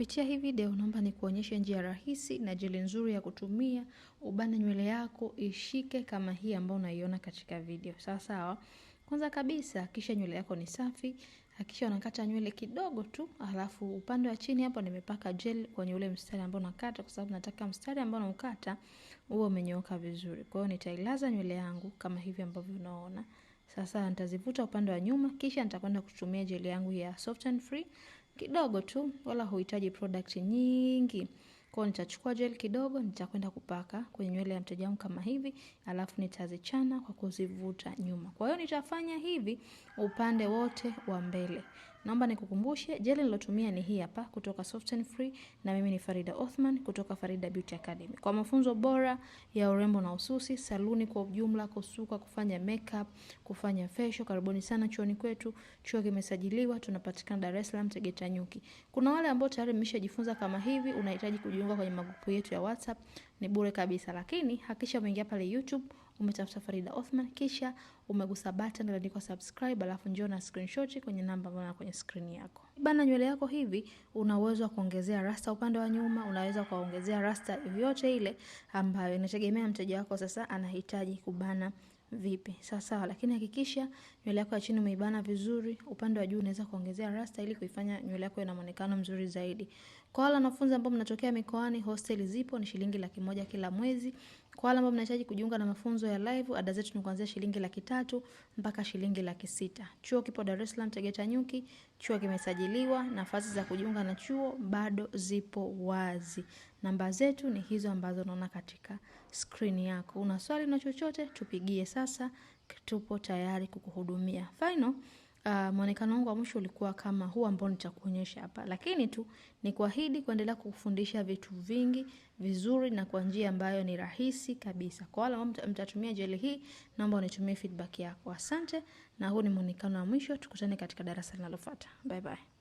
Kupitia hii video naomba nikuonyeshe njia rahisi na jeli nzuri ya kutumia ubane nywele yako ishike kama hii ambayo unaiona katika video. Sawa sawa. Kwanza kabisa hakikisha nywele yako ni safi, hakikisha unakata nywele kidogo tu, alafu upande wa chini hapo nimepaka gel kwenye ule mstari ambao unakata kwa sababu nataka mstari ambao naukata uwe umenyooka vizuri. Kwa hiyo nitailaza nywele yangu kama hivi ambavyo unaona. Sasa nitazivuta upande wa nyuma kisha nitakwenda kutumia gel yangu ya Soft and Free kidogo tu, wala huhitaji product nyingi. Kwa nitachukua gel kidogo, nitakwenda kupaka kwenye nywele ya mteja wangu kama hivi, alafu nitazichana kwa kuzivuta nyuma. Kwa hiyo nitafanya hivi upande wote wa mbele. Naomba nikukumbushe jeli nilotumia ni hii hapa kutoka Soft and Free, na mimi ni Farida Othman kutoka Farida Beauty Academy. Kwa mafunzo bora ya urembo na ususi, saluni kwa ujumla, kusuka, kufanya makeup, kufanya facial, karibuni sana chuoni kwetu. Chuo kimesajiliwa, tunapatikana Dar es Salaam Tegeta Nyuki. Kuna wale ambao tayari mmeshajifunza kama hivi, unahitaji kujiunga kwenye magrupu yetu ya WhatsApp, ni bure kabisa, lakini hakisha umeingia pale YouTube umetafuta Farida Othman, kisha umegusa button iliyoandikwa subscribe, alafu njoo na screenshot kwenye namba ambayo na kwenye screen yako. Bana, nywele yako hivi, una uwezo wa kuongezea rasta upande wa nyuma, unaweza kuongezea rasta yoyote ile ambayo inategemea mteja wako sasa anahitaji kubana vipi sawa sawa, lakini hakikisha nywele yako ya chini umeibana vizuri. Upande wa juu unaweza kuongezea rasta ili kuifanya nywele yako ina muonekano mzuri zaidi. Kwa wale wanafunzi ambao mnatokea mikoani, hosteli zipo, ni shilingi laki moja kila mwezi. Kwa wale ambao mnahitaji kujiunga na mafunzo ya live, ada zetu ni kuanzia shilingi laki tatu mpaka shilingi laki sita. Chuo kipo Dar es Salaam, Tegeta Nyuki. Chuo kimesajiliwa. Nafasi za kujiunga na chuo bado zipo wazi. Namba zetu ni hizo ambazo unaona katika skrini yako. Una swali na chochote, tupigie sasa, tupo tayari kukuhudumia. Final uh, mwonekano wangu wa mwisho ulikuwa kama huu ambao nitakuonyesha hapa, lakini tu ni kuahidi kuendelea kukufundisha vitu vingi vizuri na kwa njia ambayo ni rahisi kabisa. Kwa wale ambao mtatumia jeli hii, naomba unitumie feedback yako. Asante, na huu ni mwonekano wa mwisho. Tukutane katika darasa linalofuata. Bye bye.